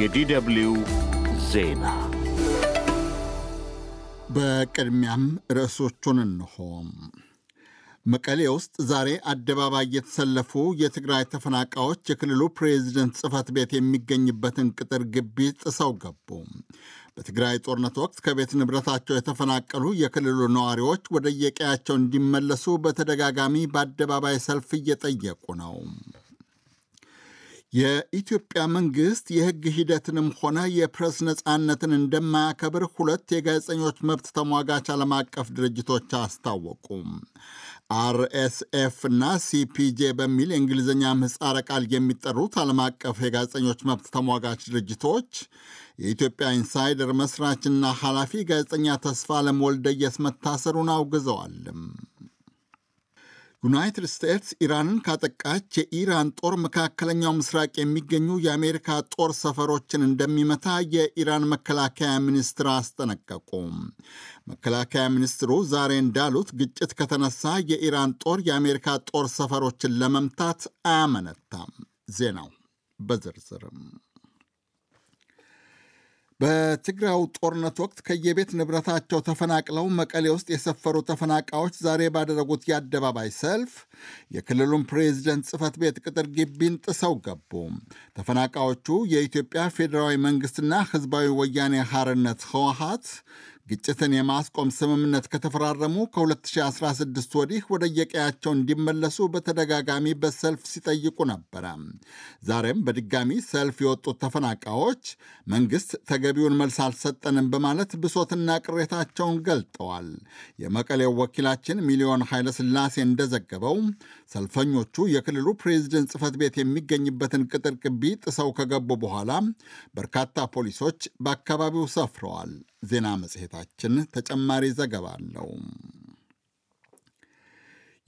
የዲደብልዩ ዜና በቅድሚያም ርዕሶቹን እንሆ። መቀሌ ውስጥ ዛሬ አደባባይ የተሰለፉ የትግራይ ተፈናቃዮች የክልሉ ፕሬዚደንት ጽህፈት ቤት የሚገኝበትን ቅጥር ግቢ ጥሰው ገቡ። በትግራይ ጦርነት ወቅት ከቤት ንብረታቸው የተፈናቀሉ የክልሉ ነዋሪዎች ወደየቀያቸው እንዲመለሱ በተደጋጋሚ በአደባባይ ሰልፍ እየጠየቁ ነው። የኢትዮጵያ መንግስት የህግ ሂደትንም ሆነ የፕሬስ ነፃነትን እንደማያከብር ሁለት የጋዜጠኞች መብት ተሟጋች ዓለም አቀፍ ድርጅቶች አስታወቁም። አርኤስኤፍ እና ሲፒጄ በሚል የእንግሊዝኛ ምህጻረ ቃል የሚጠሩት ዓለም አቀፍ የጋዜጠኞች መብት ተሟጋች ድርጅቶች የኢትዮጵያ ኢንሳይደር መስራችና ኃላፊ ጋዜጠኛ ተስፋ አለም ወልደየስ መታሰሩን አውግዘዋልም። ዩናይትድ ስቴትስ ኢራንን ካጠቃች የኢራን ጦር መካከለኛው ምስራቅ የሚገኙ የአሜሪካ ጦር ሰፈሮችን እንደሚመታ የኢራን መከላከያ ሚኒስትር አስጠነቀቁ። መከላከያ ሚኒስትሩ ዛሬ እንዳሉት ግጭት ከተነሳ የኢራን ጦር የአሜሪካ ጦር ሰፈሮችን ለመምታት አያመነታም። ዜናው በዝርዝርም በትግራዩ ጦርነት ወቅት ከየቤት ንብረታቸው ተፈናቅለው መቀሌ ውስጥ የሰፈሩ ተፈናቃዮች ዛሬ ባደረጉት የአደባባይ ሰልፍ የክልሉን ፕሬዚደንት ጽህፈት ቤት ቅጥር ግቢን ጥሰው ገቡ። ተፈናቃዮቹ የኢትዮጵያ ፌዴራዊ መንግስትና ህዝባዊ ወያኔ ሐርነት ህወሓት ግጭትን የማስቆም ስምምነት ከተፈራረሙ ከ2016 ወዲህ ወደ የቀያቸው እንዲመለሱ በተደጋጋሚ በሰልፍ ሲጠይቁ ነበረ። ዛሬም በድጋሚ ሰልፍ የወጡት ተፈናቃዮች መንግስት ተገቢውን መልስ አልሰጠንም በማለት ብሶትና ቅሬታቸውን ገልጠዋል። የመቀሌው ወኪላችን ሚሊዮን ኃይለስላሴ እንደዘገበው ሰልፈኞቹ የክልሉ ፕሬዚደንት ጽህፈት ቤት የሚገኝበትን ቅጥር ግቢ ጥሰው ከገቡ በኋላ በርካታ ፖሊሶች በአካባቢው ሰፍረዋል። ዜና መጽሔታችን ተጨማሪ ዘገባ አለው።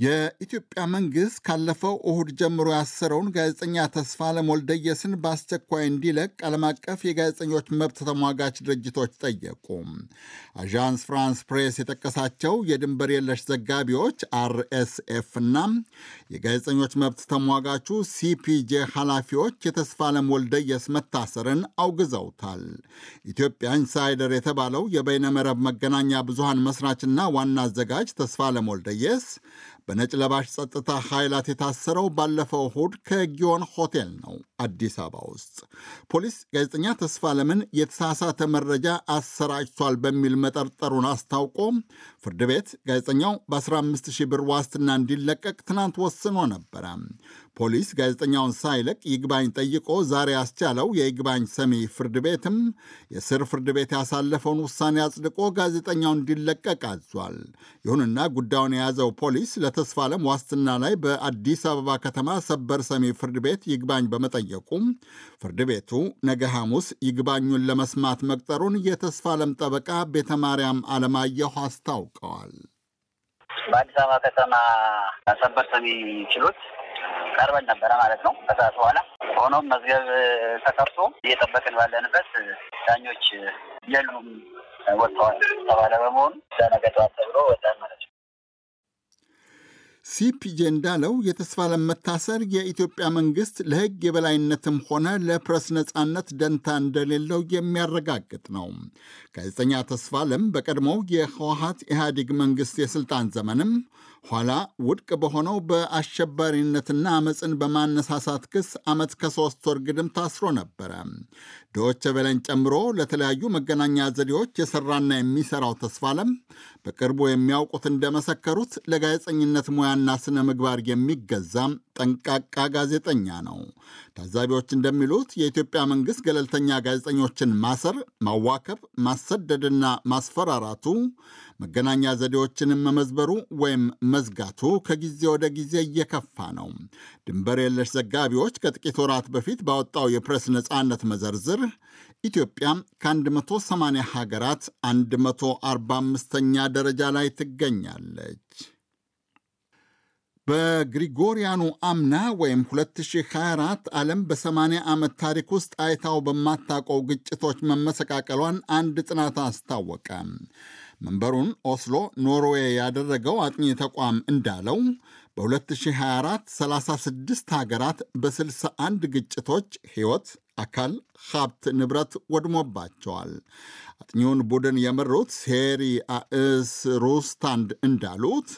የኢትዮጵያ መንግስት ካለፈው እሁድ ጀምሮ ያሰረውን ጋዜጠኛ ተስፋለም ወልደየስን በአስቸኳይ እንዲለቅ ዓለም አቀፍ የጋዜጠኞች መብት ተሟጋች ድርጅቶች ጠየቁ። አዣንስ ፍራንስ ፕሬስ የጠቀሳቸው የድንበር የለሽ ዘጋቢዎች አርኤስኤፍ እና የጋዜጠኞች መብት ተሟጋቹ ሲፒጄ ኃላፊዎች የተስፋለም ወልደየስ መታሰርን አውግዘውታል። ኢትዮጵያ ኢንሳይደር የተባለው የበይነመረብ መገናኛ ብዙሃን መስራችና ዋና አዘጋጅ ተስፋለም ወልደየስ በነጭ ለባሽ ጸጥታ ኃይላት የታሰረው ባለፈው እሁድ ከጊዮን ሆቴል ነው አዲስ አበባ ውስጥ። ፖሊስ ጋዜጠኛ ተስፋ ለምን የተሳሳተ መረጃ አሰራጭቷል በሚል መጠርጠሩን አስታውቆ ፍርድ ቤት ጋዜጠኛው በ15000 ብር ዋስትና እንዲለቀቅ ትናንት ወስኖ ነበረ። ፖሊስ ጋዜጠኛውን ሳይለቅ ይግባኝ ጠይቆ ዛሬ ያስቻለው የይግባኝ ሰሚ ፍርድ ቤትም የስር ፍርድ ቤት ያሳለፈውን ውሳኔ አጽድቆ ጋዜጠኛው እንዲለቀቅ አዟል። ይሁንና ጉዳዩን የያዘው ፖሊስ በተስፋ ዓለም ዋስትና ላይ በአዲስ አበባ ከተማ ሰበር ሰሚ ፍርድ ቤት ይግባኝ በመጠየቁም ፍርድ ቤቱ ነገ ሐሙስ ይግባኙን ለመስማት መቅጠሩን የተስፋ ዓለም ጠበቃ ቤተ ማርያም አለማየሁ አስታውቀዋል። በአዲስ አበባ ከተማ ሰበር ሰሚ ችሎት ቀርበን ነበረ ማለት ነው። ከሰዓት በኋላ ሆኖም መዝገብ ተከፍቶ እየጠበቅን ባለንበት ዳኞች የሉም ወጥተዋል ተባለ። በመሆኑ ለነገ ጠዋት ተብሎ ወጣን። ሲፒጄ እንዳለው የተስፋ ለመታሰር የኢትዮጵያ መንግስት ለሕግ የበላይነትም ሆነ ለፕረስ ነጻነት ደንታ እንደሌለው የሚያረጋግጥ ነው። ጋዜጠኛ ተስፋ ለም በቀድሞው የህወሀት ኢህአዴግ መንግስት የስልጣን ዘመንም ኋላ ውድቅ በሆነው በአሸባሪነትና አመፅን በማነሳሳት ክስ ዓመት ከሶስት ወር ግድም ታስሮ ነበረ። ዶች ቬለን ጨምሮ ለተለያዩ መገናኛ ዘዴዎች የሰራና የሚሰራው ተስፋ ለም በቅርቡ የሚያውቁት እንደመሰከሩት ለጋዜጠኝነት ሙያ ሙያና ስነ ምግባር የሚገዛም ጠንቃቃ ጋዜጠኛ ነው። ታዛቢዎች እንደሚሉት የኢትዮጵያ መንግሥት ገለልተኛ ጋዜጠኞችን ማሰር፣ ማዋከብ፣ ማሰደድና ማስፈራራቱ፣ መገናኛ ዘዴዎችንም መመዝበሩ ወይም መዝጋቱ ከጊዜ ወደ ጊዜ እየከፋ ነው። ድንበር የለሽ ዘጋቢዎች ከጥቂት ወራት በፊት ባወጣው የፕሬስ ነፃነት መዘርዝር ኢትዮጵያ ከ180 ሀገራት 145ኛ ደረጃ ላይ ትገኛለች። በግሪጎሪያኑ አምና ወይም 2024 ዓለም በ80 ዓመት ታሪክ ውስጥ አይታው በማታውቀው ግጭቶች መመሰቃቀሏን አንድ ጥናት አስታወቀ። መንበሩን ኦስሎ ኖርዌይ ያደረገው አጥኚ ተቋም እንዳለው በ2024 36 ሀገራት በ61 ግጭቶች ሕይወት፣ አካል፣ ሀብት፣ ንብረት ወድሞባቸዋል። አጥኚውን ቡድን የመሩት ሴሪ አእስ ሩስታንድ እንዳሉት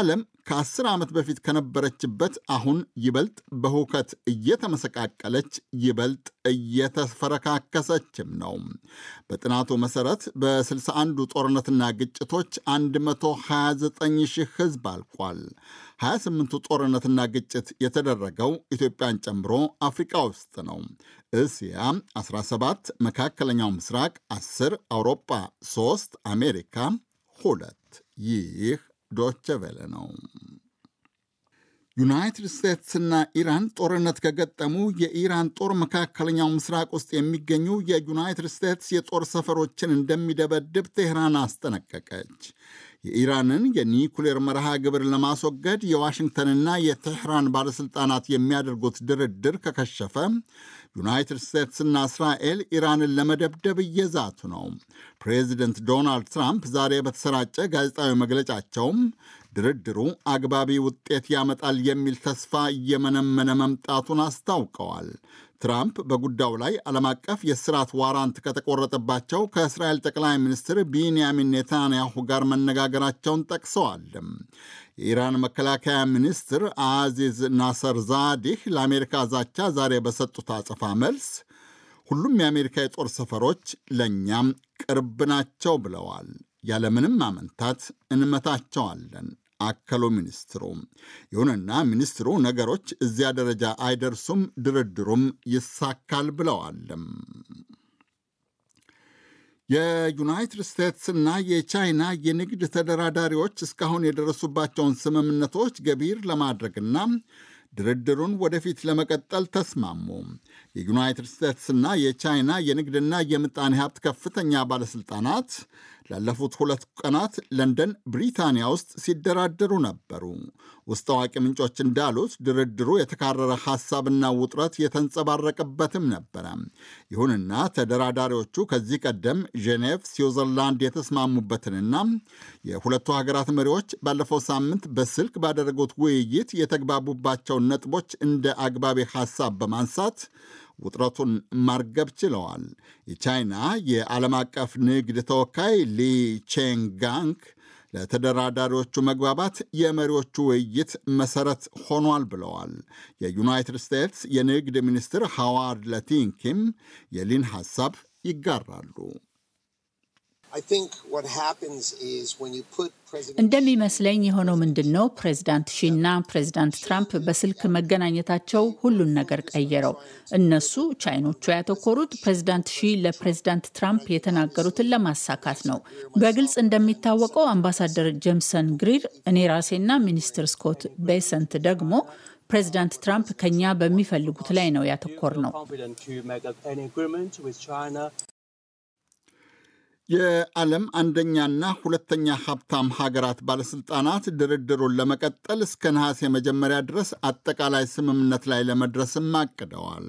ዓለም ከአስር ዓመት በፊት ከነበረችበት አሁን ይበልጥ በሁከት እየተመሰቃቀለች ይበልጥ እየተፈረካከሰችም ነው። በጥናቱ መሠረት በ61ዱ ጦርነትና ግጭቶች 129 ሺህ ሕዝብ አልቋል። 28ቱ ጦርነትና ግጭት የተደረገው ኢትዮጵያን ጨምሮ አፍሪካ ውስጥ ነው። እስያ 17፣ መካከለኛው ምስራቅ 10፣ አውሮጳ 3፣ አሜሪካ ሁለት ይህ ዶቸ ቬለ ነው። ዩናይትድ ስቴትስና ኢራን ጦርነት ከገጠሙ የኢራን ጦር መካከለኛው ምስራቅ ውስጥ የሚገኙ የዩናይትድ ስቴትስ የጦር ሰፈሮችን እንደሚደበድብ ቴህራን አስጠነቀቀች። የኢራንን የኒኩሌር መርሃ ግብር ለማስወገድ የዋሽንግተንና የቴህራን ባለሥልጣናት የሚያደርጉት ድርድር ከከሸፈ ዩናይትድ ስቴትስና እስራኤል ኢራንን ለመደብደብ እየዛቱ ነው። ፕሬዚደንት ዶናልድ ትራምፕ ዛሬ በተሰራጨ ጋዜጣዊ መግለጫቸውም ድርድሩ አግባቢ ውጤት ያመጣል የሚል ተስፋ እየመነመነ መምጣቱን አስታውቀዋል። ትራምፕ በጉዳዩ ላይ ዓለም አቀፍ የስራት ዋራንት ከተቆረጠባቸው ከእስራኤል ጠቅላይ ሚኒስትር ቢንያሚን ኔታንያሁ ጋር መነጋገራቸውን ጠቅሰዋል። የኢራን መከላከያ ሚኒስትር አዚዝ ናሰር ዛዲህ ለአሜሪካ ዛቻ ዛሬ በሰጡት አጸፋ መልስ ሁሉም የአሜሪካ የጦር ሰፈሮች ለእኛም ቅርብ ናቸው ብለዋል። ያለምንም አመንታት እንመታቸዋለን አከሉ ሚኒስትሩ። ይሁንና ሚኒስትሩ ነገሮች እዚያ ደረጃ አይደርሱም፣ ድርድሩም ይሳካል ብለዋል። የዩናይትድ ስቴትስና የቻይና የንግድ ተደራዳሪዎች እስካሁን የደረሱባቸውን ስምምነቶች ገቢር ለማድረግና ድርድሩን ወደፊት ለመቀጠል ተስማሙ። የዩናይትድ ስቴትስና የቻይና የንግድና የምጣኔ ሀብት ከፍተኛ ባለሥልጣናት ላለፉት ሁለት ቀናት ለንደን ብሪታንያ ውስጥ ሲደራደሩ ነበሩ። ውስጥ አዋቂ ምንጮች እንዳሉት ድርድሩ የተካረረ ሐሳብና ውጥረት የተንጸባረቀበትም ነበረ። ይሁንና ተደራዳሪዎቹ ከዚህ ቀደም ጄኔቭ፣ ስዊዘርላንድ የተስማሙበትንና የሁለቱ ሀገራት መሪዎች ባለፈው ሳምንት በስልክ ባደረጉት ውይይት የተግባቡባቸውን ነጥቦች እንደ አግባቢ ሐሳብ በማንሳት ውጥረቱን ማርገብ ችለዋል። የቻይና የዓለም አቀፍ ንግድ ተወካይ ሊ ቼንጋንግ ለተደራዳሪዎቹ መግባባት የመሪዎቹ ውይይት መሰረት ሆኗል ብለዋል። የዩናይትድ ስቴትስ የንግድ ሚኒስትር ሃዋርድ ለቲንኪም የሊን ሐሳብ ይጋራሉ። እንደሚመስለኝ የሆነው ምንድን ነው? ፕሬዚዳንት ሺና ፕሬዚዳንት ትራምፕ በስልክ መገናኘታቸው ሁሉን ነገር ቀየረው። እነሱ ቻይኖቹ ያተኮሩት ፕሬዚዳንት ሺ ለፕሬዚዳንት ትራምፕ የተናገሩትን ለማሳካት ነው። በግልጽ እንደሚታወቀው አምባሳደር ጄምሰን ግሪር፣ እኔ ራሴና ሚኒስትር ስኮት ቤሰንት ደግሞ ፕሬዚዳንት ትራምፕ ከኛ በሚፈልጉት ላይ ነው ያተኮር ነው። የዓለም አንደኛና ሁለተኛ ሀብታም ሀገራት ባለስልጣናት ድርድሩን ለመቀጠል እስከ ነሐሴ መጀመሪያ ድረስ አጠቃላይ ስምምነት ላይ ለመድረስም አቅደዋል።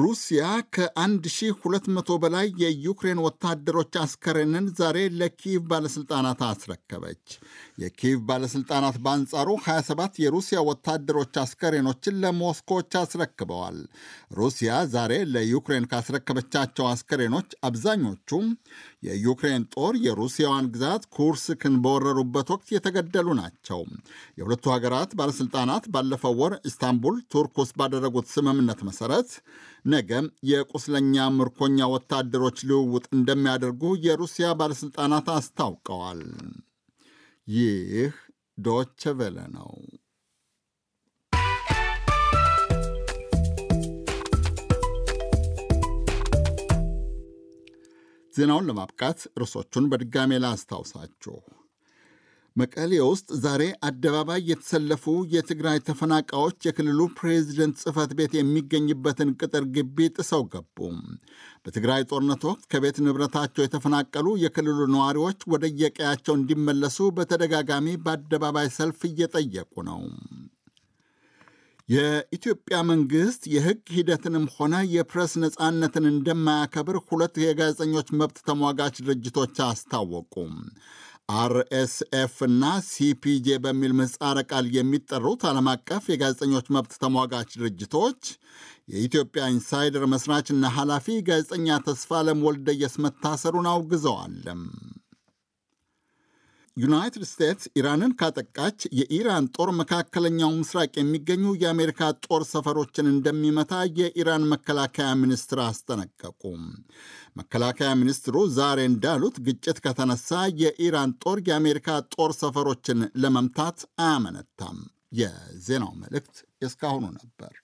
ሩሲያ ከ1200 በላይ የዩክሬን ወታደሮች አስከሬንን ዛሬ ለኪየቭ ባለሥልጣናት አስረከበች። የኪየቭ ባለሥልጣናት በአንጻሩ 27 የሩሲያ ወታደሮች አስከሬኖችን ለሞስኮዎች አስረክበዋል። ሩሲያ ዛሬ ለዩክሬን ካስረከበቻቸው አስከሬኖች አብዛኞቹ የዩክሬን ጦር የሩሲያዋን ግዛት ኩርስክን በወረሩበት ወቅት የተገደሉ ናቸው። የሁለቱ ሀገራት ባለሥልጣናት ባለፈው ወር ኢስታንቡል ቱርክ ውስጥ ባደረጉት ስምምነት መሠረት ነገ የቁስለኛ ምርኮኛ ወታደሮች ልውውጥ እንደሚያደርጉ የሩሲያ ባለሥልጣናት አስታውቀዋል። ይህ ዶች ቬለ ነው። ዜናውን ለማብቃት ርዕሶቹን በድጋሜ ላስታውሳችሁ። መቀሌ ውስጥ ዛሬ አደባባይ የተሰለፉ የትግራይ ተፈናቃዮች የክልሉ ፕሬዚደንት ጽህፈት ቤት የሚገኝበትን ቅጥር ግቢ ጥሰው ገቡ። በትግራይ ጦርነት ወቅት ከቤት ንብረታቸው የተፈናቀሉ የክልሉ ነዋሪዎች ወደየቀያቸው እንዲመለሱ በተደጋጋሚ በአደባባይ ሰልፍ እየጠየቁ ነው። የኢትዮጵያ መንግሥት የሕግ ሂደትንም ሆነ የፕሬስ ነፃነትን እንደማያከብር ሁለት የጋዜጠኞች መብት ተሟጋች ድርጅቶች አስታወቁ። አርኤስኤፍ እና ሲፒጄ በሚል ምህጻረ ቃል የሚጠሩት ዓለም አቀፍ የጋዜጠኞች መብት ተሟጋች ድርጅቶች የኢትዮጵያ ኢንሳይደር መስራችና ኃላፊ ጋዜጠኛ ለም ወልደየስ መታሰሩን አውግዘዋል። ዩናይትድ ስቴትስ ኢራንን ካጠቃች የኢራን ጦር መካከለኛው ምስራቅ የሚገኙ የአሜሪካ ጦር ሰፈሮችን እንደሚመታ የኢራን መከላከያ ሚኒስትር አስጠነቀቁ። መከላከያ ሚኒስትሩ ዛሬ እንዳሉት ግጭት ከተነሳ የኢራን ጦር የአሜሪካ ጦር ሰፈሮችን ለመምታት አያመነታም። የዜናው መልእክት እስካሁኑ ነበር።